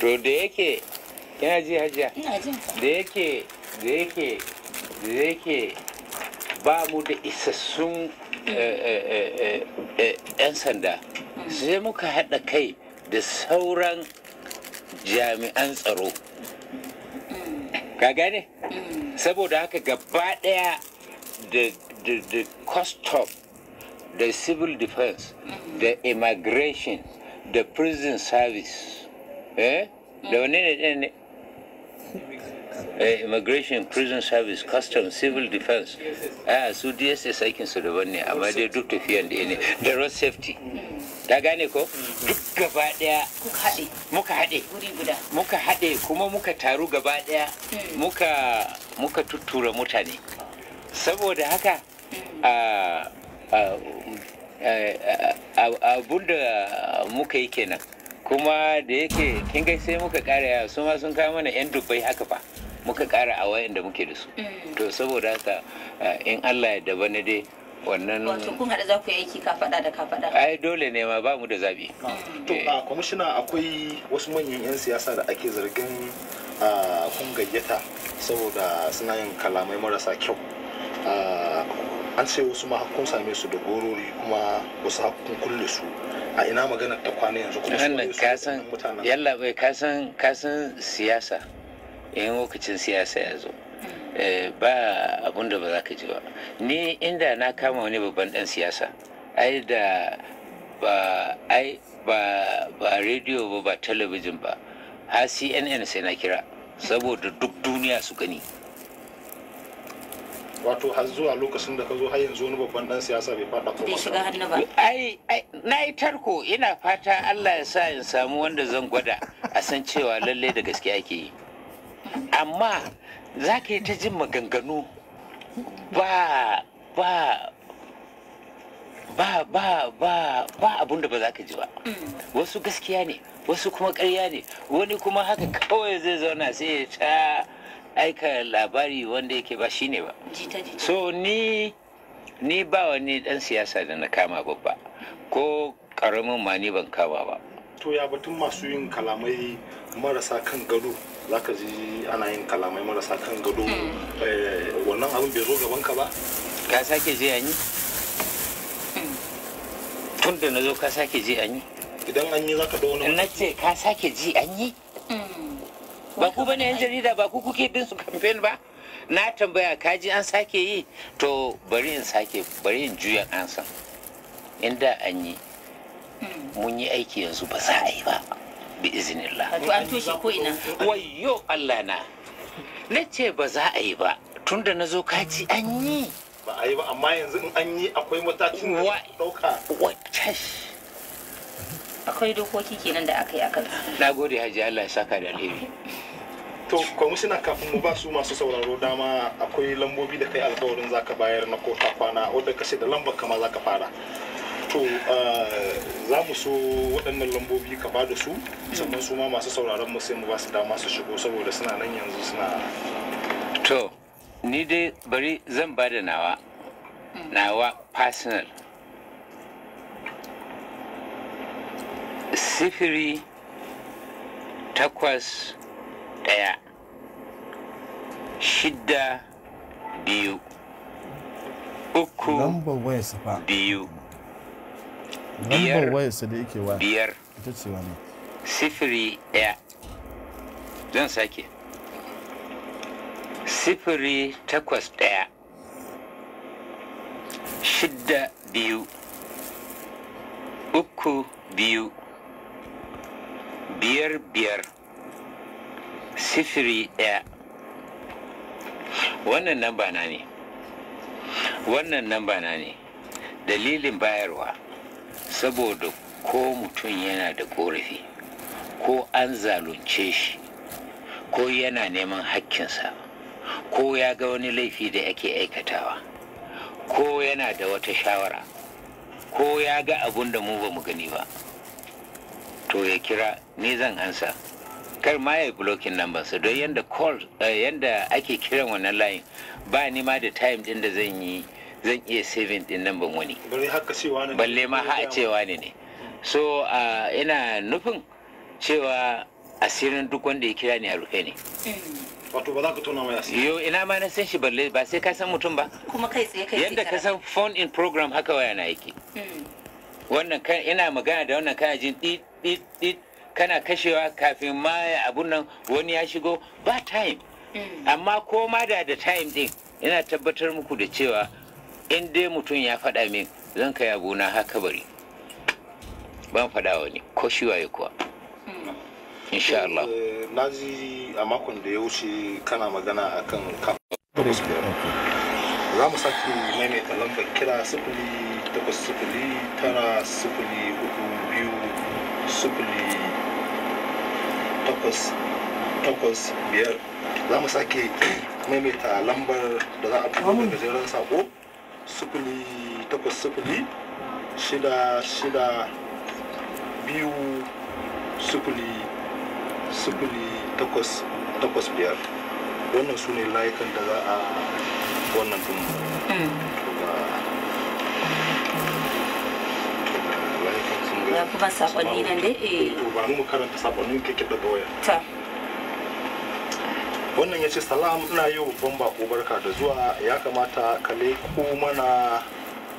to da yake yana ji hajiya da yake da yake da yake ba mu da isassun eh, eh, eh, 'yan sanda hmm. sai muka haɗa kai da sauran jami'an tsaro ka gane hmm. saboda haka gaba ɗaya da custom da civil defense hmm. da immigration da prison service eh da wanne ne ne immigration prison service customs civil defense a su dss aikinsu daban ne amma dai duk tafiyan da ne da road safety ta gane ko duk gaba daya muka haɗe muka haɗe kuma muka taru gaba daya muka muka tuttura mutane saboda haka a da muka yi kenan kuma da yake kin ga sai muka kara yawa su ma sun kawo mana yan dubbai haka fa muka kara a wayan da muke da su eh. to saboda haka eh, in Allah ya daba ne dai wannan wato kun hada za ku yi aiki ka fada da ka fada ai dole ne ma ba mu da zabi mm. to eh. a kwamishina akwai wasu manyan yan siyasa da ake zargin kun gayyata saboda suna yin kalamai marasa kyau an sai wasu ma hakkun same su da gorori kuma wasu hakkun kulle su a ina magana ta kwana yanzu kuma ka san yalla bai ka san siyasa yan lokacin siyasa ya zo eh, ba abun da ba za ka ji ba ni inda na kama wani babban dan siyasa ai da ba ai ba ba rediyo ba ba television ba har cnn sai na kira saboda duk duniya su gani wato har zuwa lokacin da ka zo har yanzu wani babban dan siyasa bai fada ko shiga ai na yi tarko ina fata Allah ya sa in samu wanda zan gwada a san cewa lalle da gaske ake yi amma za ka yi ta jin maganganu ba ba ba ba ba ba abun da ba za ka ji ba wasu gaskiya ne wasu kuma karya ne wani kuma haka kawai zai zauna sai ya ta aika labari wanda yake ba ne ba so ni ni ba wani dan siyasa da na kama babba ko karamin ma ni ban kama ba to ya batun masu yin kalamai marasa kan gado zaka ka ji ana yin kalamai marasa kan gado hmm. eh, wannan abin bai zo gaban ka ba ka sake je an yi hmm. tun da na zo ka sake je an yi idan an yi za ka da wani na ce ka sake ji an yi hmm. ba ku bane yan jarida ba ku kuke bin su kamfen ba na tambaya kaji an sake yi to bari in sake bari in juya ansa inda an yi mun yi aiki yanzu ba za a yi ba bi izinillah an toshe ko ina wayyo Allah na na ce ba za a yi ba tunda na zo kaji an yi ba a yi ba amma yanzu in an yi akwai matakin da dauka akwai dokoki kenan da aka yi aka na gode hajji Allah ya saka da alheri to kwamishina kafin mu ba su masu sauraro dama akwai lambobi da kai alkawarin zaka bayar na kota kwana wadda kashe da lambar kama zaka fara to ah, za mu so waɗannan lambobi ka ba da su sannan su ma masu sauraron mu sai mu ba su dama su shigo saboda suna nan yanzu suna to ni dai bari zan ba da nawa nawa personal sifiri takwas ɗaya shidda biyu uku biyu biyar biyar sifiri ɗaya zan sake sifiri takwas ɗaya shidda biyu uku biyu biyar biyar sifiri ɗaya wannan ba na ne wannan ba na ne dalilin bayarwa saboda ko mutum yana da ƙorafi ko an zalunce shi ko yana neman hakkinsa ko ya ga wani laifi da yake aikatawa ko yana da wata shawara ko ya ga abun da mu ba mu gani ba to ya kira ni zan ansa kar ma ya blocking number su don yadda call eh, yadda ake kiran wannan layin ba ni ma da time din da zan yi zan iya saving din number wani balle ma ha a cewa ne ne so ina nufin cewa asirin duk wanda ya kira ni a rufe ne wato ba za ka tona mai asiri yo ina ma na san shi balle ba sai ka san mutum ba kuma kai tsaye kai Yadda ka san phone in program haka waya na yake hmm. wannan ina magana da wannan kana jin dit dit dit kana kashewa kafin ma abun nan wani ya shigo ba time hmm. amma ko ma da da time din ina tabbatar muku da cewa in dai mutum ya faɗa min zan kai abuna haka bari ban faɗa wani ko shi waye kuwa hmm. insha eh, Allah na ji a makon da ya wuce kana magana akan za mu saki maimaita lambar kira sifili takwas sifili tara sifili hudu biyu sufuli takwas takwas biyar za mu sake maimaita lambar da za a tuba da gajeren sako sufuli takwas sufuli shida shida biyu sufuli sufuli takwas takwas biyar wannan su ne layukan da za a wannan tumu ya fi ba sakonni nan dai eh ba mu karanta sakonnin kike da doya ta wannan ya ce salam ina yi babban bako barka da zuwa ya kamata kale ko mana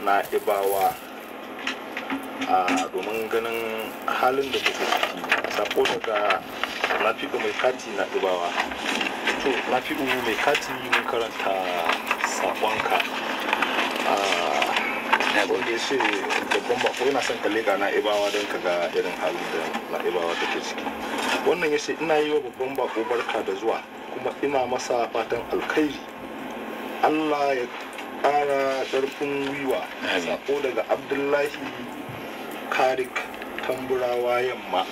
na ibawa a domin ganin halin da kuke ciki sako daga nafi'u mai kati na ibawa to nafi'u mai kati mun karanta sakonka na wanda babban bako yana son kalle ga na'ibawa don ka ga irin halin da na'ibawa take ciki wannan ya ce ina yi wa babban bako barka da zuwa kuma ina masa fatan alkhairi allah ya ƙara ƙarfin gwiwa sako daga abdullahi karik tamburawa yamma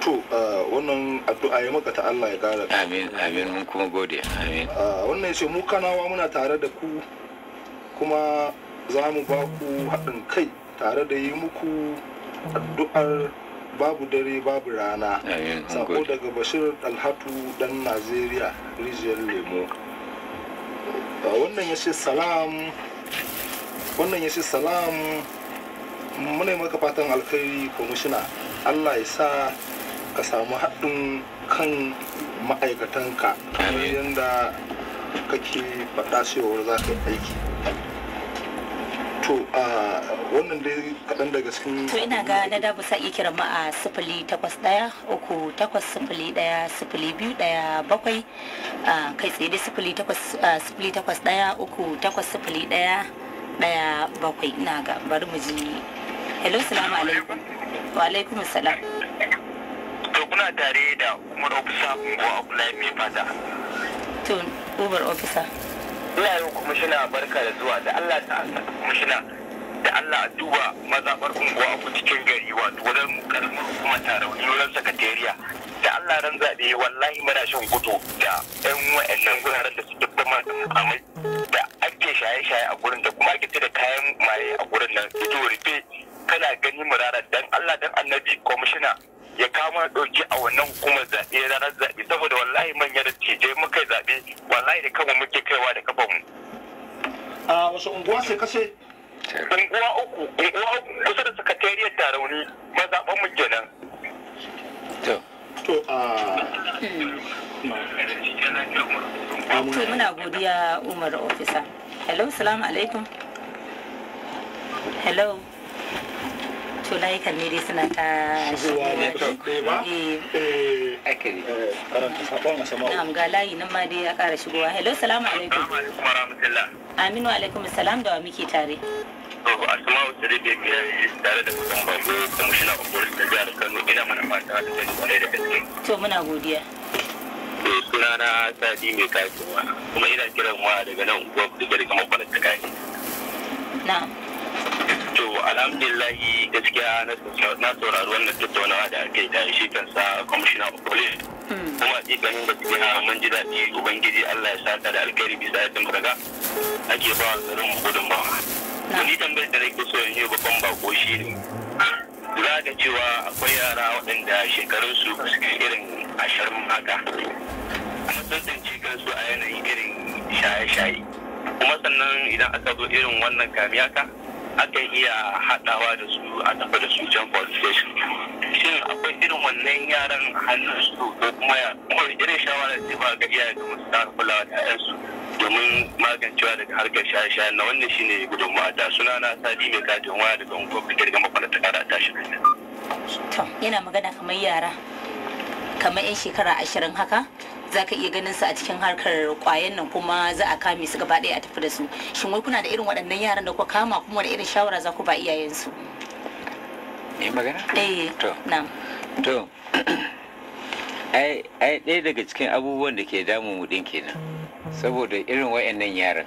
to uh, wannan addu'a ya maka ta Allah ya kara amin amin mun kuma gode amin uh, wannan yace mu kanawa muna tare da ku kuma za mu ba ku haɗin kai tare da yi muku addu'ar babu dare babu rana sako daga bashir alhatu dan najeriya rijiyar lemo wannan ya ce salam wannan ya ce salam muna maka fatan alkhairi kwamishina allah ya sa ka samu haɗin kan ma'aikatanka kamar yadda kake faɗa cewar za ka yi aiki to a wannan dai kaɗan daga cikin to ina ga na da sa iya kiran mu a sifili takwas ɗaya uku takwas sifili ɗaya sifili biyu ɗaya bakwai kai tsaye da sifili takwas sifili takwas ɗaya uku takwas sifili ɗaya ɗaya bakwai ina ga bari mu ji hello salamu alaikum wa alaikum salam to kuna tare da kuma ofisa ko a kula mai fata to uber officer ina yau kwamishina barka da zuwa da Allah ta kwamishina da Allah a duba mazaɓar unguwa ku cikin gari wato wajen karamar hukumar tarauni wajen sakatariya da Allah ran zaɓe wallahi muna shan gudu da ƴan wa'annan guraren da suke zama amai da ake shaye-shaye a gurin da kuma ake da kayan maye a gurin nan ido rufe kana gani murara dan Allah dan annabi kwamishina ya kama ɗauki a wannan hukumar zaɓe ranar zaɓe saboda wallahi manyan tije muka zaɓe wallahi da kanmu muke kaiwa da mu. a wasu unguwa sai kashe unguwa uku unguwa uku kusa da sakatariyar tarauni zaɓen mu kenan to a muna godiya umar ofisa hello salamu alaikum hello so layukan ne dai suna ta zuwa eh. Eh, eh, na'am ga layi nan ma dai ya kara shigowa hello salamu alaikum aminu alaikum salam da wa muke tare asma'u saribe tare da kusan babu kwamishina of police jihar kano ina mana da da gaske to muna godiya sunana sadi mai kasuwa kuma ina kiran wa daga nan gwamnati gari kamar kwanar ta kai na'am alhamdulillahi gaskiya na saurari wannan tattaunawa da aka yi da shi kansa kwamishina of police hmm. kuma tsikanin da cikin mun ji daɗi ubangiji allah ya saka da alkhairi bisa ya tambarga ake ba wa tsarin gudun ba ni tambayar da nake so in yi babban bako shi ne za ga cewa akwai yara waɗanda shekarunsu suke irin ashirin haka a tantance kansu a yanayin irin shaye-shaye kuma sannan idan aka zo irin wannan kamiyaka akan iya haɗawa da su a tafi da su can police station shin akwai irin wannan yaran hannun su ko kuma ya kuma irin shawara da ba ga iyaye da musu ta kulawa da su domin magancewa daga harkar shaye-shaye na wannan shine gudunmawa ta suna na sadi mai katin waya daga unguwar fitar gama kwana ta kara ta shi to yana magana kamar yara kamar 'yan shekara ashirin haka za ka iya ganin su a cikin harkar kwayan nan kuma za a kame su gaba ɗaya a tafi da su shin wai kuna da irin waɗannan yaran da kuka kama kuma da irin shawara za ku ba iyayensu ne magana? eh to na'am to ai ɗaya daga cikin abubuwan da ke damun mu ɗin kenan saboda irin waɗannan yaran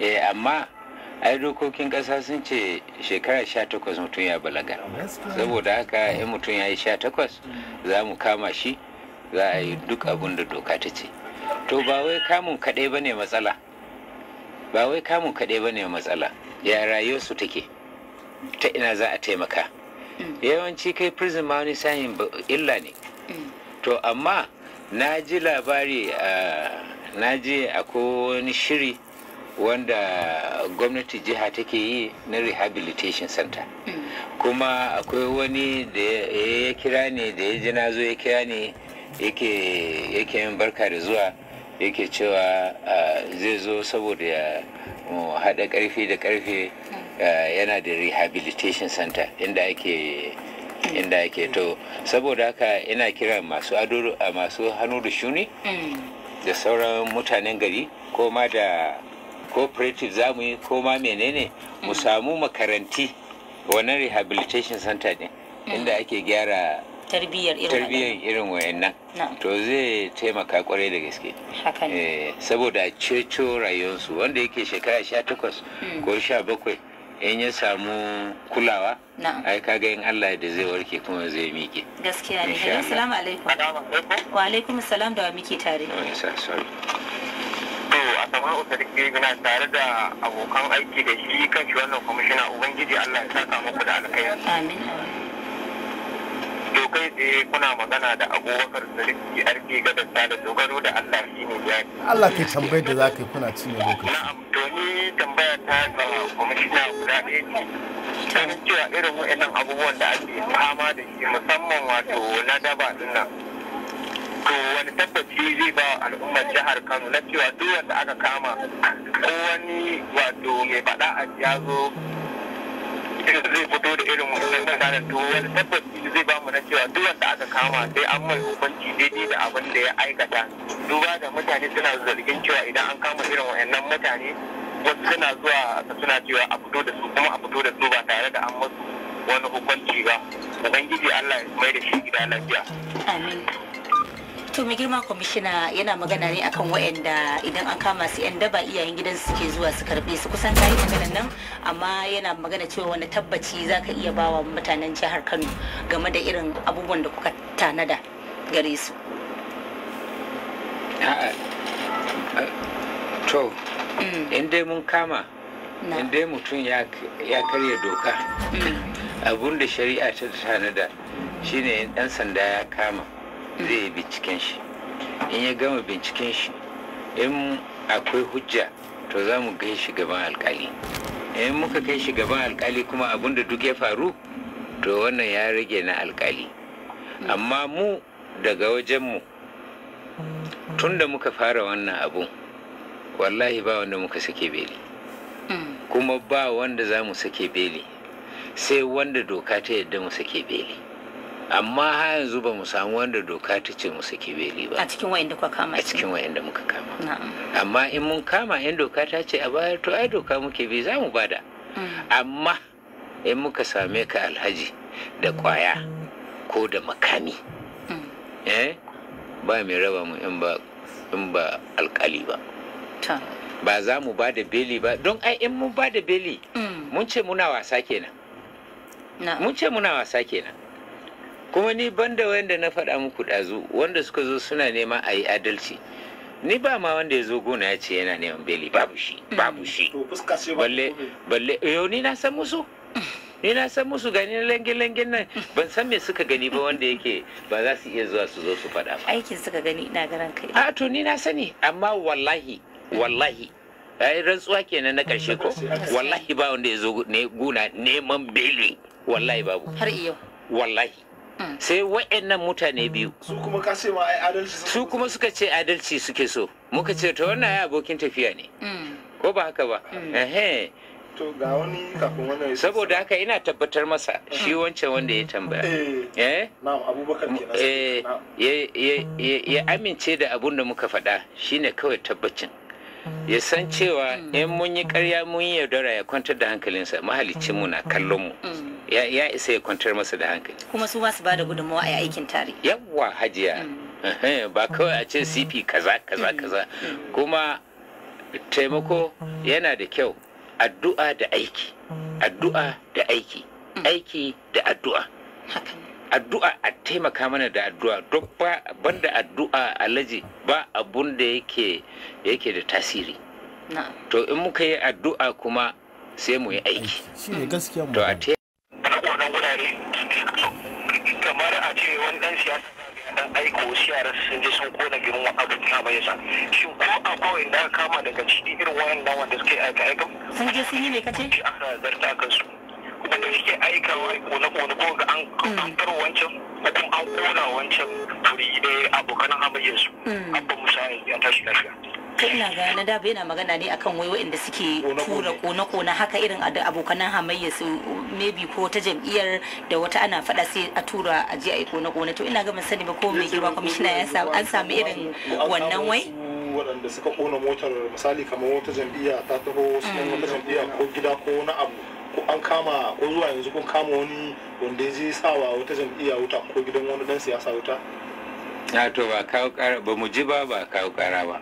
eh amma ai dokokin ƙasa sun ce shekara sha takwas mutum ya balaga saboda haka in mutum ya yi sha takwas za mu kama shi za a yi duk abin da doka ta ce to ba wai kamun kaɗai ba ne matsala ba wai kamun kaɗai ba ne matsala ya su take ta ina za a taimaka mm. yawanci kai prison ma wani sahin illa ne mm. to amma na ji labari na ji akwai wani shiri wanda gwamnati jiha take yi na rehabilitation center mm. kuma akwai wani da ya kira ne da ya ji na zo ya kira ne yake yin barka da zuwa yake cewa zai zo saboda ya haɗa ƙarfi da ƙarfe yana da rehabilitation center inda ake inda ake to saboda haka ina kira masu a masu hannu da shuni da sauran mutanen gari ko ma da cooperative za mu yi ko ma menene mu samu makaranti wannan rehabilitation center ne inda ake gyara tarbiyyar irin tarbiyyar irin wayannan to zai taimaka kwarai da gaske eh, saboda ceto rayuwarsu wanda yake shekara sha takwas hmm. ko sha bakwai in ya samu kulawa ai kaga in Allah da zai warke kuma zai miƙe gaskiya ne hello assalamu alaikum wa alaikum assalam da wa muke tare da sarki gina tare da abokan aiki da shi kan shi wannan kwamishina ubangiji Allah ya saka muku da alkhairi amin dokai tsaye kuna magana da abubakar sarki arki gadasta da dogaro da allah shi ne ya allah ke tambayi da za ka yi kuna cinye lokaci na amtoni tambaya ta ga kwamishina guda ɗaya ce sanin cewa irin wa'annan abubuwan da ake fama da shi musamman wato na daba din nan to wani tabbaci zai ba al'ummar jihar kano na cewa duk wanda aka kama ko wani wato mai faɗa a ya zo zai fito da irin wannan mutanen to wani tabbaci zai bamu na cewa duk wanda aka kama sai an mai hukunci daidai da abin da ya aikata duba da mutane suna zargin cewa idan an kama irin wayannan mutane wasu suna zuwa suna cewa a fito da su kuma a fito da su ba tare da an musu wani hukunci ba ubangiji Allah ya mai da shi gida lafiya amin to mai girma kwamishina yana magana ne akan wa'anda idan an kama su yan daba iyayen gidan ke zuwa su karbe su kusan ta yi maganan nan amma yana magana cewa wani tabbaci za ka iya bawa mutanen jihar kano game da irin abubuwan da kuka tanada gare su to mm. in dai mun kama in mutum ya karya doka mm. abun da shari'a ta tanada shine 'yan sanda ya kama zai yi binciken shi in ya gama binciken shi in akwai hujja to za mu kai shi gaban alkali in muka kai shi gaban alkali kuma da duk ya faru to wannan ya rage na alkali hmm. amma mu daga wajenmu tun da muka fara wannan abun wallahi ba wanda muka sake beli hmm. kuma ba wanda za mu sake beli sai wanda doka ta yadda mu sake beli amma ha yanzu ba mu samu wanda doka ta ce musu kibeli ba a cikin wayanda kuka kama a cikin wayanda muka kama amma in mun kama yan doka ta ce a bayar to ai doka muke bi za mu bada mm. amma in muka same ka alhaji da kwaya ko da makami mm. eh ba mai raba mu in ba in ba alkali ba ba za mu ba da beli ba don ai in mun ba da beli mm. mun ce muna wasa kenan mun ce muna wasa kenan kuma ni banda wanda na faɗa muku ɗazu wanda suka zo suna neman a yi adalci ni ba ma wanda ya zo gona ya ce yana neman beli babu shi babu hmm. shi balle balle yau ni na san musu ni na san musu gani na langin langin nan ban san me suka gani ba wanda yake ba za su iya zuwa su zo su faɗa ba aikin suka gani ina garan kai a to ni na sani amma wallahi wallahi ai rantsuwa kenan na karshe ko wallahi ba wanda ya zo guna neman beli wallahi babu har iya wallahi Mm. sai wa'annan mutane biyu su kuma suka ce adalci suke so muka ce to wannan ya abokin tafiya ne mm. ko ba haka ba mm. saboda haka ina tabbatar masa shi wancan wanda ya tambaya eh. Eh? Eh. ya amince da abun da muka faɗa shine kawai tabbacin ya san cewa in mun yi karya mun yi yaudara ya kwantar da hankalinsa mahalicin mu na kallon mu ya isa ya kwantar masa da hankali kuma su ba su bada gudunmawa a aikin tare yawwa hajiya mm. ba kawai a ce cp kaza kaza mm. kaza mm. kuma taimako yana da kyau addu'a da aiki addu'a da aiki aiki da addu'a addu'a a taimaka mana da addu'a duk ba banda addu'a alaji ba abun da yake yake da tasiri to in muka yi addu'a kuma sai mu yi aiki to a te kamar a ce wani dan siyasa dan aiko siyar sun je sun kona girma abin ta bai sa shin ko akwai inda kama daga ciki irin wayan wanda suke aika aika sun je sun yi ne kace a zarta su wanda suke aikawa wani kone ko ga an kar mm. wancan ko kuma an kona wancan turi da abokan hamayyar su mm. abin musayi ya tashi lafiya to ina ga na daba yana magana ne akan wai waɗanda suke tura kone kone haka irin abokan hamayya su maybe ko ta jam'iyyar da wata ana faɗa sai a tura a je a yi kone kone to ina ga ban sani ba ko mai girma kwamishina ya samu an samu irin wannan wai waɗanda suka kona motar misali kamar wata jam'iyya ta taho wasu wata jam'iyya ko gida ko wani abu an kama ko zuwa yanzu kun kama wani wanda zai sawa wata jam'iyya wuta ko gidan wani dan siyasa wuta ya to ba kawo kara ba mu ji ba ba kawo kara ba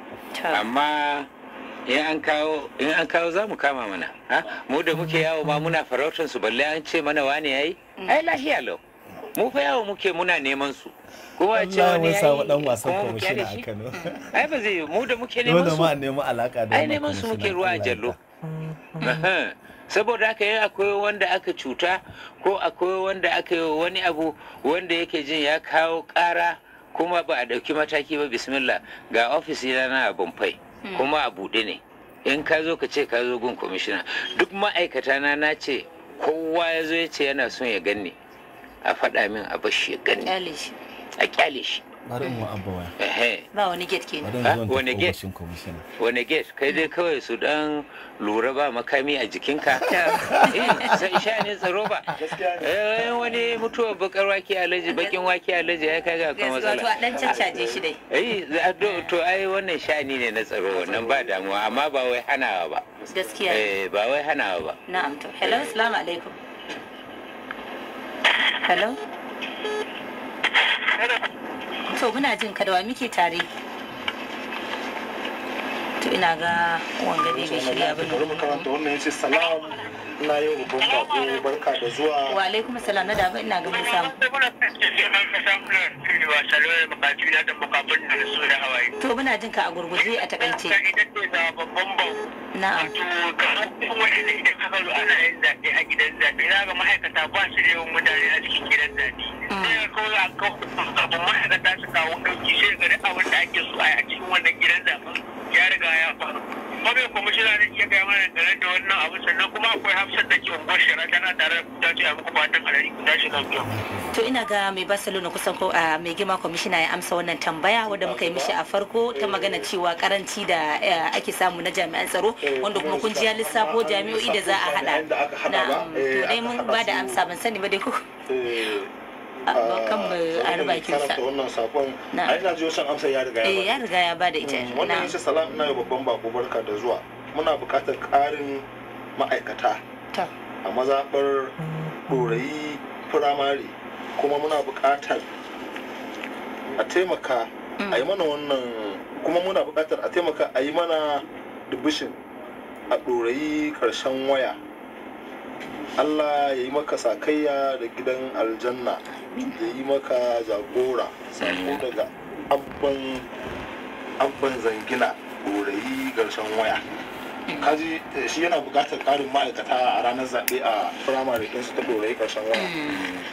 amma in an kawo za mu kama mana mu da muke yawo ma muna farautar su balle an ce mana wani yi. Mm. ai lahiya lau mu fa yawo muke muna neman su kowa ce wani ya yi dan wasan kwamishina a mm. ai ba zai mu da muke neman su mu da ma neman alaka ai neman su muke ruwa a jallo saboda haka yin akwai wanda aka cuta ko akwai wanda aka yi wani abu wanda yake jin ya kawo kara kuma ba a ɗauki mataki ba bismillah ga ofis yana na bamfai hmm. kuma a buɗe ne in ka zo ka ce ka zo gun kwamishina duk ma'aikata na na ce kowa ya zo ya ce yana son ya ganni a faɗa min a bashi ya ganni a kyale shi bari in waya ba wani gate ke wani gate wani gate kai dai kawai su dan lura ba makami a jikinka eh, sai sha ne tsaro ba eh, wani mutuwa bakar wake alaji bakin wake alaji ya kaga kan matsala to a dan caccaje shi dai eh to ai wannan shani ne na tsaro wannan ba damuwa amma ba wai hanawa ba gaskiya eh ba wai hanawa ba na'am to hello assalamu alaikum hello to muna jin kadawa muke tare to ina ga wanga ne bai shirya ba ne bari wannan yace salam na yau ubun bako barka da zuwa wa alaikum salam na da ba ina ga mun samu to muna jin ka a gurguje a takaice na'am ana yin a gidan zabe. Na ga ma'aikata ba su yawan mutane a cikin gidan amma daga ta su kawo ɗauki sai gari abin da ake so a cikin wannan gidan zaɓen ya riga ya faru kuma mai kwamishina zai iya gaya mana dangane da wannan abu sannan kuma akwai hafsat da ke unguwar shara tana tare da kuta ce a muku fatan alheri ku tashi lafiya. to ina ga mai barcelona kusan ko a ah, mai girma kwamishina ya amsa wannan tambaya wadda muka yi mishi a farko ta magana cewa karanci da eh, ake samu na jami'an tsaro wanda kuma kun ji ya lissafo jami'o'i da za a hada eh, na to eh, dai mun ba da amsa ban sani ba dai ko abokan mu ah, a ruba kinsa wannan sakon a ina ji wasan amsa ya riga eh, ya riga ya bada ita hmm, wannan yace salam ina yau babban bako barka da zuwa muna buƙatar ƙarin ma'aikata a mazaɓar ɗorayi firamare kuma muna buƙatar a taimaka a yi hmm. mana wannan kuma muna buƙatar a taimaka a yi mana dubishin a ɗorayi ƙarshen waya Allah ya yi maka sakayya da gidan aljanna ya yi maka jagora sako daga abban zangina gorayi garshen waya kaji eh, shi yana bukatar karin ma'aikata a ranar zaɓe a firamare su ta gorayi ƙarshen waya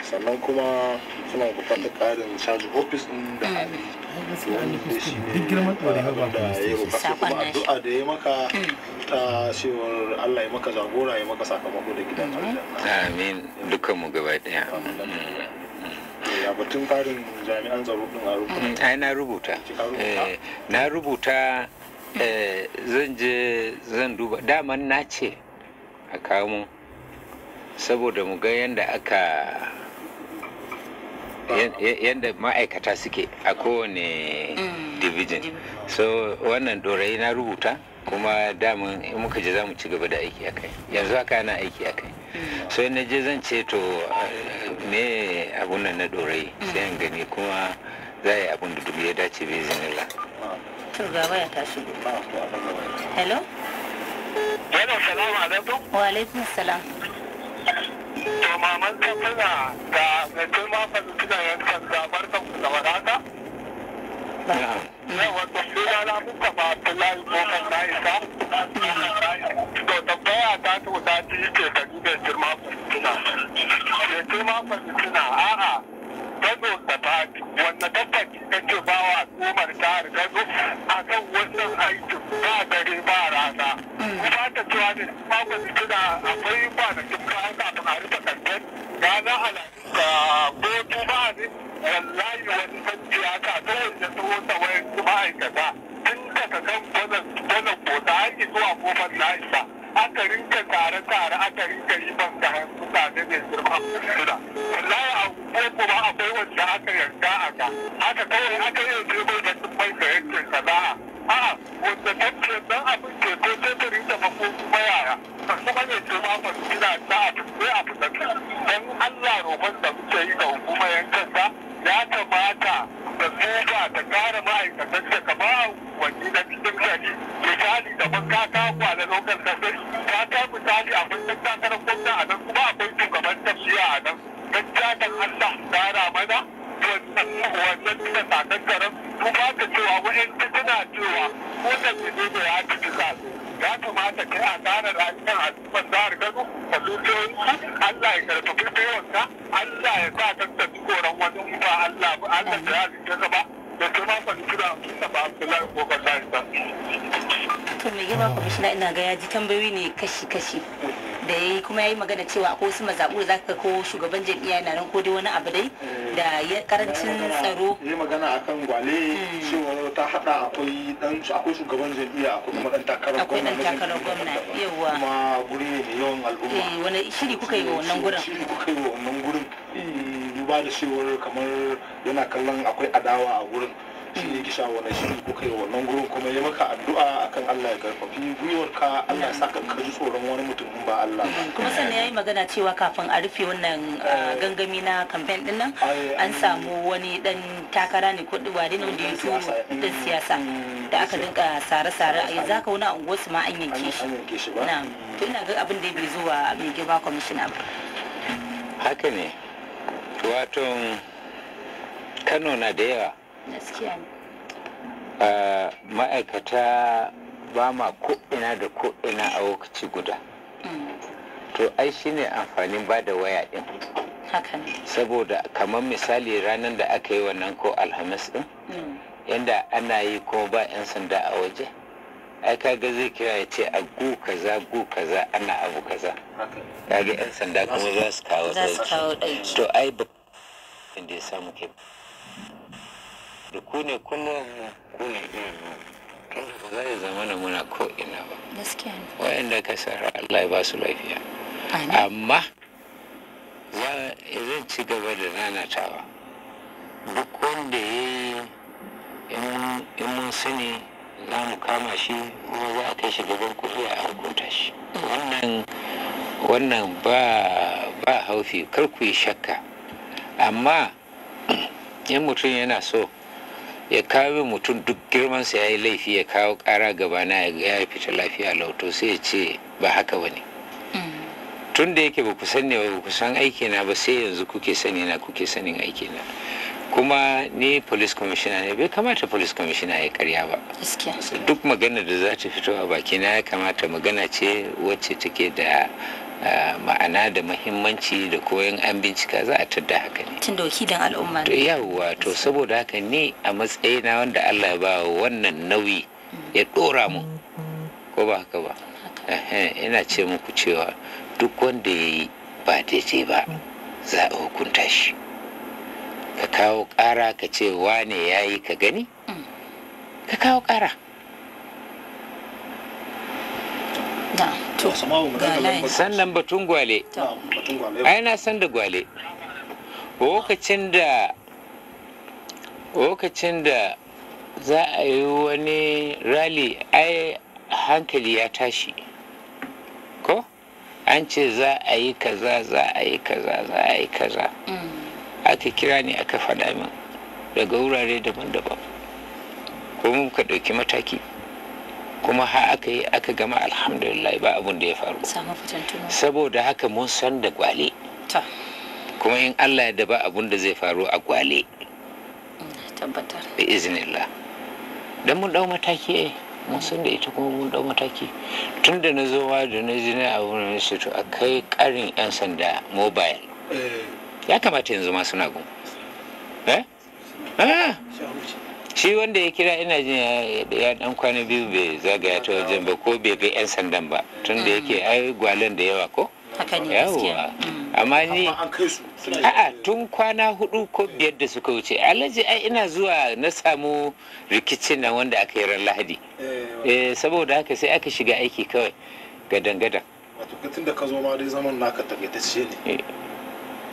sannan kuma suna buƙatar ƙarin caji ofis ɗin da hali da shi ne da ya yi kuma addu'a da ya maka mm. fata amin dukkan mu mm, mm. rubuta mm, ai na rubuta eh, eh, zan je zan duba daman na ce a kawo saboda mu ga yadda ma'aikata suke a kowane division so wannan dorai na rubuta kuma damun in muka je za mu ci gaba da aiki a kai yanzu haka yana aiki a kai mm. so na je zan ce to me abun nan na dorai mm. sai an gani kuma za a yi abun da dubu ya dace bai zinila la. ga ya tashi. shigo hello hello salamu alaikum wa alaikum salam to maman ta tana ga mai girma fa yankan da barkan ku da wadata wato suna na muka ba Abdullahi Bokan na isa. To ta ta yi ce ka girma girma a'a ta tabbaci ta ce ba wa tsomar ta gado a kan wannan ba dare rana. Kuma ta akwai kwanakin kayan kafin a rufe kankan rana alaƙa ah, ko wallahi wannan siyasa ta wanda ta tsohon tsawon ma'aikata tun daga kan gwanan kota har zuwa kofar na'isa aka rinka tare-tare aka rinka yi ban da mutane mai girma suna wallahi a ko kuma akwai wanda aka yanka a ka haka kawai aka yi jebo da tumbai da yankin sana'a a'a wanda ta tafiya don abin ke ko sai ta rinka mako kuma yara ba kuma ne ce ma fa suna ta a tafiya a fitar don Allah roƙon da muke yi ga hukumar yankin sa za ta baka da tsoka ta kara ma'aikatan tambayoyi ne kashi-kashi da ya yi kuma ya yi magana cewa ko su mazaɓu za ka ko shugaban jam'iyya na nan ko dai wani abu dai da ya karancin tsaro yi magana akan gwale hmm. cewa ta hada akwai dan akwai shugaban jam'iyya akwai kuma dan takarar gwamna akwai dan takarar gwamna yawa kuma guri ne mai yawan al'umma eh wani shiri kuka yi wa wannan gurin shiri kuka yi wa wannan gurin hmm, duba da cewar kamar yana kallon akwai adawa a sha wani shiri ko kai wannan gurin kuma ya maka addu'a akan Allah ya karfafi gwiwarka Allah ya saka ka ji tsoron wani mutum ba Allah kuma sannan yayi magana cewa kafin a rufe wannan ah, eh. gangami na campaign din nan an samu wani dan takara ne kudi wani ne da ya turo dan siyasa mm, mm, da aka dinka sare-sare a yanzu haka wani unguwar su ma an yanke shi na to ina ga abin da ya bai zuwa mai girma commissioner ba haka ne wato kano na da yawa gaskiya ne ma'aikata ba ma ko'ina da ko'ina a lokaci guda mm. to ai shine amfanin ba da waya din saboda kamar misali ranar da aka yi wannan ko alhamis din mm. yadda ana yi ko ba 'yan sanda a waje ai kaga zai kira ya ce a gu kaza gu kaza ana abu kaza kaga 'yan sanda kuma za su kawo ɗauki to ai ba da ya samu ke da ku ne kullum ku ne irin ba za ya zama na muna ko ina ba wayanda ka sara Allah ya ba su lafiya amma zan ci gaba da nanatawa duk wanda ya yi in mun sani za mu kama shi kuma za a kai shi gaban kuɗi a hukunta shi wannan wannan ba ba haufi kar ku yi shakka amma in mutum yana so ya kawo mutum duk girmansa ya yi laifi ya kawo kara gabana ya fita lafiya lauto sai ya ce ba haka ba ne mm. tun da yake ba ku sani ba ku san aikina ba sai yanzu kuke sani na kuke sanin aikina kuma ni police commissioner ne bai kamata police commissioner ya karya ba duk magana da za ta fito a bakina ya kamata magana ce wacce take da Eh, ma'ana da mahimmanci da koyon an bincika za a tadda haka ne. Tun doki al'umma. To yawwa to saboda haka ni a matsayina wanda Allah ba wannan nauyi ya ɗora mu ko ba haka ba. Ina ce muku cewa duk wanda ya yi ba daidai ba za a hukunta shi. Ka kawo ƙara ka ce wane ya yi ka gani? Mm. Ka kawo ƙara. sannan batun gwale ai na san da gwale lokacin da lokacin da za a yi wani rally ai hankali ya tashi ko an ce za a yi kaza za a yi kaza za a yi kaza mm. aka kira ni aka faɗa min daga wurare daban-daban ko muka ɗauki mataki kuma har aka yi aka gama alhamdulillah ba abun da ya faru saboda haka mun san da gwale kuma in allah ya daba abun da zai faru a gwale mm, tabbatar da izinillah don mun dau mataki eh. mun san da ita kuma mun dau mataki tun da na zo da na ji na abu na shi to akai karin yan sanda mobile eh. ya kamata yanzu ma suna gun eh eh shi wanda ya kira ina jin ya dan kwana biyu bai zagaya ta wajen ba ko bai ga yan sandan ba tun da yake ai gwalen da yawa ko yawa mm. amma ni a'a tun kwana hudu ko biyar da suka wuce alhaji ai ina zuwa na samu rikicin nan wanda aka yi ran lahadi eh. Eh, saboda haka sai aka shiga aiki kawai gadan-gadan wato tun da ka zo ma dai zaman naka ce ne eh.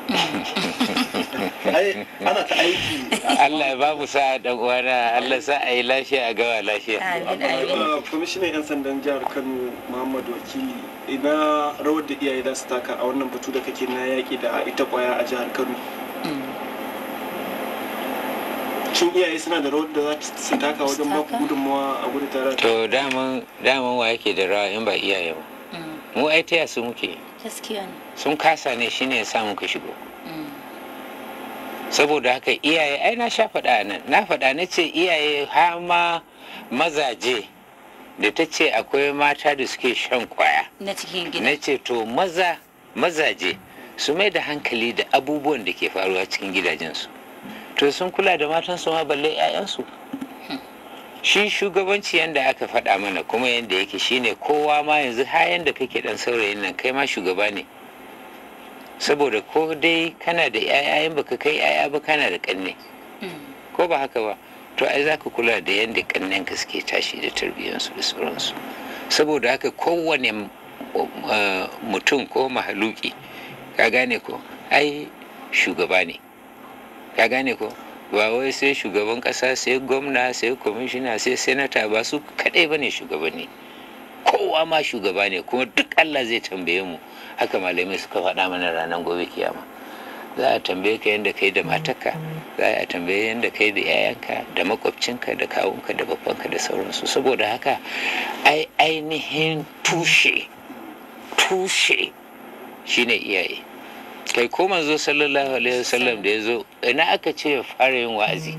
ana ta aiki Allah babu sa dan uwana Allah sa a yi lafiya a gawa lafiya kwamishinan yan sandan jihar Kano Muhammadu Wakili ina rawar da iyaye za su taka a wannan batu da kake na yaƙi da ita kwaya a jihar Kano mm. shin iyaye suna da rawar da za su taka wajen ba gudunmawa a gudu tare to daman daman wa yake da rawa in ba iyaye ba mm. mu ai taya su muke Gaskiya ne. sun kasa ne shine ya sa muka shigo saboda haka iyaye ai na sha faɗa nan na faɗa na ce iyaye hama mazaje da ta ce akwai mata da suke shan kwaya na cikin gida na ce to maza mazaje su mai da hankali da abubuwan da ke faruwa cikin gidajensu to sun kula da matansu ma balle 'ya'yansu shi shugabanci yadda aka faɗa mana kuma yadda yake shine kowa ma yanzu ha yadda kake dan saurayin nan kai ma shugaba ne saboda ko dai kana da yayayen baka kai 'ya'ya ba kana da kanne ko ba haka ba to ai za ka kula da yadda kannen ka suke tashi da tarbiyyarsu da sauransu saboda haka kowane eh, mutum ko mahaluki ka gane ko ai shugaba ne ka gane ko ba wai sai shugaban ƙasa sai gwamna sai kwamishina sai senata ba su kadai ba ne shugabanni kowa ma shugaba ne kuma duk Allah zai tambaye mu haka malamai suka faɗa mana ranar gobe kiyama za a tambaye ka yadda kai da matarka za a tambaye yadda kai da yayanka da makwabcinka da kawunka da babbanka da sauransu saboda haka ai ainihin tushe tushe shine iyaye kai ko manzo sallallahu alaihi wasallam da ya zo ina aka ce ya fara yin wa'azi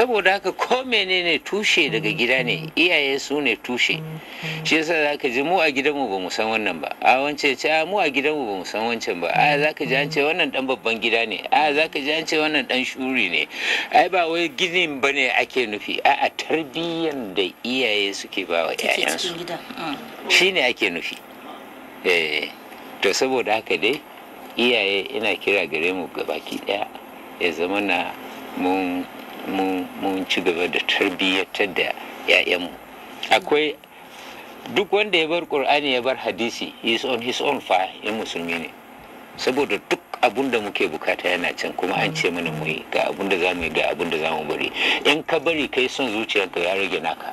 saboda haka ko menene tushe daga gida ne mm-hmm. iyaye su ne tushe mm-hmm. shi yasa ka ji mu a gidanmu ba mu san wannan ba a wance ce a mu a gidanmu ba mu san wancan ba a za ka ji an ce mm-hmm. wannan dan babban gida ne a za ka ji an ce wannan dan shuri ne ai ba wai ginin ba ne ake nufi a a tarbiyyar da iyaye suke ba wa mm. shi ne ake nufi eh to saboda haka dai iyaye ina kira gare mu gabaki daya ya zama na mun mun ci gaba da tarbiyyatar da 'ya'yanmu akwai duk wanda ya bar ƙur'ani ya bar hadisi he is on his own fa in musulmi ne saboda duk abun da muke bukata yana can kuma an ce mana mu ga abun da za mu ga abun da za mu bari in ka bari kai son zuciyarka ya rage naka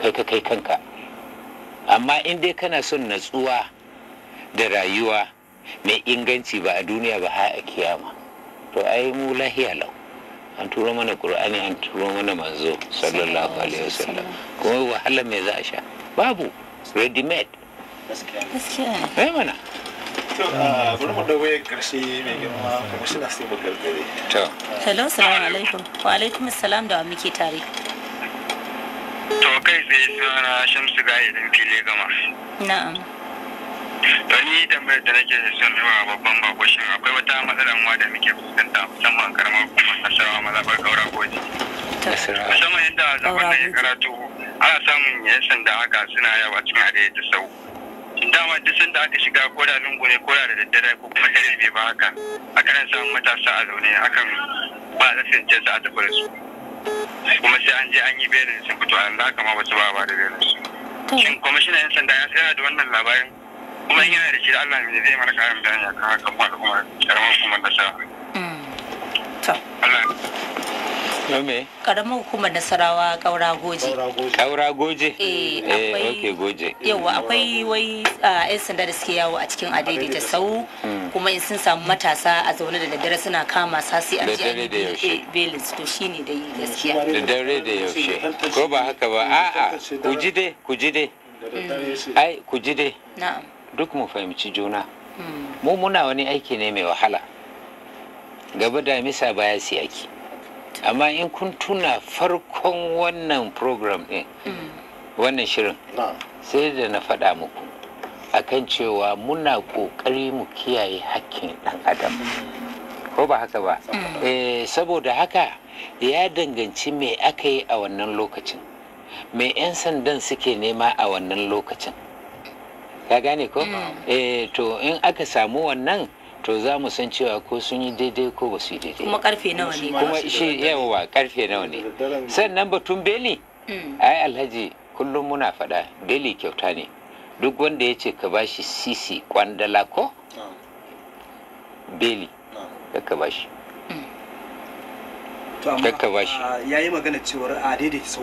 kai ka kai kanka amma in dai kana son natsuwa da rayuwa mai inganci ba a duniya ba har a kiyama to ai mu lahiya lau an turo mana qur'ani an turo mana manzo sallallahu alaihi wasallam kuma wahala me za a sha babu ready made gaskiya eh mana to ah, bari mu dawo yayin karshe mai girma kuma suna sai mu gargare to hello assalamu alaikum wa alaikum assalam da muke tare to kai sai suna shamsu ga idan fili gama na'am to ni tambayar da nake son zuwa babban bako shin akwai wata matsala mu da muke fuskanta musamman karamar kuma nasarawa mazaɓar gaura goji musamman yadda zaɓar da ya karatu ana samun yasan sanda haka suna yawa cikin adai da sau dama duk sanda aka shiga ko da lungu ne ko da daddare ko kuma da rabe ba haka kan samun matasa a zaune akan ba a tsince su a tafi da su kuma sai an je an yi berin sun fito a yanzu haka ma ba su ba ba da berin su shin kwamishinan yan sanda ya tsaya da wannan labarin kuma yana da shi Allah ne zai mara kayan bayani a kan haka kuma da kuma karamar hukumar da sha. Mm. To. Nome? Karamar hukumar Nasarawa Kaura Goje. Kaura Goje? Eh, eh Goje. Yawa akwai wai 'yan sanda da suke yawo a cikin adaidaita sau mm. kuma in sun samu matasa a zaune da daddare suna kama sasi a jiya da yaushe eh, belins to ne da yi gaskiya da dare da yaushe ko ba haka ba a'a ku ji dai ku ji dai mm. ai ku ji dai na'am duk mu fahimci juna hmm. mu muna wani aiki ne mai wahala gaba da misa baya siyaki amma in kun tuna farkon wannan program ɗin hmm. wannan shirin sai da na faɗa muku akan cewa muna ƙoƙari mu kiyaye hakkin ɗan adam hmm. ko ba haka ba eh saboda haka ya danganci me aka yi a wannan lokacin me 'yan sandan suke nema a wannan lokacin ka gane ko mm. eh, to in aka samu wannan to za mu san cewa ko sun yi daidai ko ba su yi daidai kuma karfe nawa ne kuma shi yawa karfe nawa ne sannan batun beli mm. ai alhaji kullum muna fada beli kyauta ne duk wanda ya ce ka bashi sisi kwandala ko beli ka bashi kakka shi ah, ya yi magana cewar a daidaita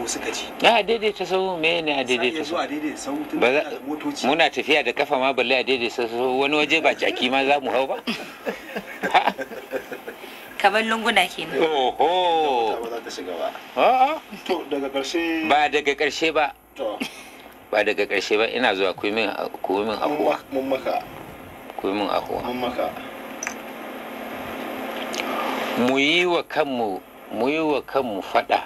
a daidaita me ne a daidaita a daidaita tafiya da kafa ma balle a daidaita wani waje ba jaki ma hau ba kamar lunguna kenan oho daga karshe ba daga karshe ba ina zuwa ku mun maka ku mu yi wa kanmu mu yi wa kanmu faɗa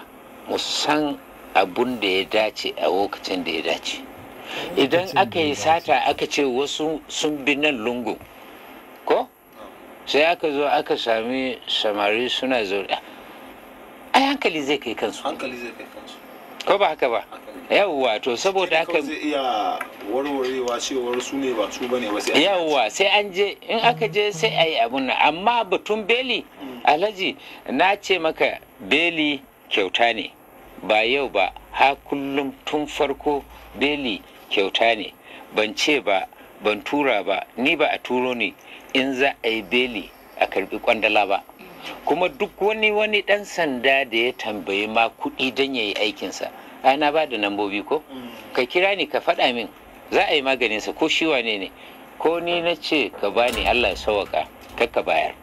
mu san abun da ya dace a lokacin da ya dace idan aka yi sata aka ce wasu sun bi nan lungu ko sai aka zo aka sami samari suna zaune ai hankali zai kai kansu ko ba haka ba yawwa to saboda haka iya warwarewa cewar su ne ba su bane ba sai yawwa sai an je in aka je sai ayi abun nan amma batun beli hmm. alhaji na ce maka beli kyauta ne ba yau ba ha kullum tun farko beli kyauta ne ban ce ba ban tura ba ni ba a turo ni in za a yi beli a karbi kwandala ba hmm. kuma duk wani wani dan sanda da ya tambayi ma kuɗi don ya yi aikinsa a na bada da nambobi ko mm. ka kira ni ka faɗa min za a yi maganinsa ko shi wane ne ko ni na ce ka bani Allah ya sawaka kar ka bayar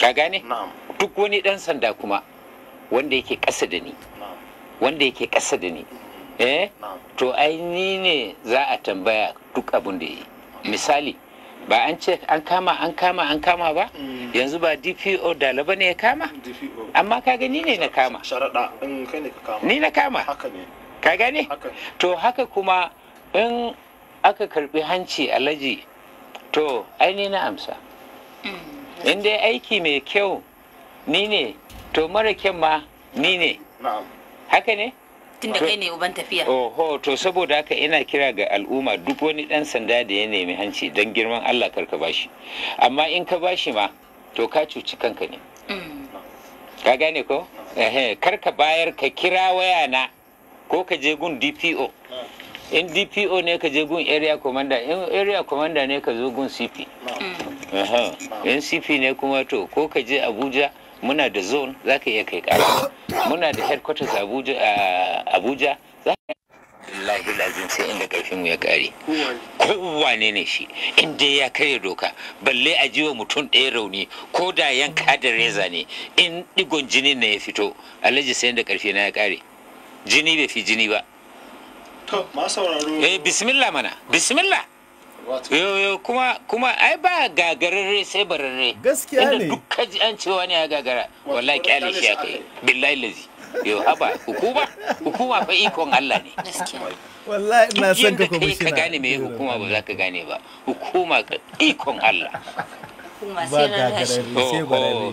ka gane duk wani ɗan sanda kuma wanda yake ƙasa da ni wanda yake ƙasa da ni mm. eh to ai ni ne za a tambaya duk abin da yi misali ba an ce an kama an kama an kama ba mm. yanzu ba dpo dalaba ne ya kama amma ka gani ne na kama ni na kama ka gane to haka kuma in aka karbi hanci alaji to aini na amsa mm. in dai aiki mai kyau ni ne to mara kyan ma ni ne haka ne tunda kai ne uban tafiya oho to saboda haka ina kira ga al'umma duk wani dan sanda da ya nemi hanci dan girman Allah karka bashi amma in ka bashi ma to ka cuci kanka ne mm. ka gane ko karka bayar ka kira waya na ko ka je gun DPO mm. in dpo ne ka je gun area commander in area commander ne ka zo gun cp mm. in cp ne kuma to ko ka je abuja muna da zone za ka iya kai kara muna da headquarters abuja za ka lahi lazim sai inda karfin mu ya kare kowane ne shi inda ya karya doka balle a jiwa mutum ɗaya rauni ko da yanka da reza ne in ɗigon jini na ya fito alhaji sai inda karfi na ya kare jini bai fi jini ba to ma sauraro eh bismillah mana bismillah Yo kuma kuma ai ba gagararre sai bararre. Gaskiya ne. Duk kaji an cewa ne ya gagara. Wallahi kyale shi aka yi. Billahi lazi. Yo haba hukuma hukuma fa ikon Allah ne. Wallahi ina son ka komishina. Ka gane me hukuma ba za ka gane ba. Hukuma ikon Allah. Hukuma sai rarrashi. Ba gagararre sai bararre.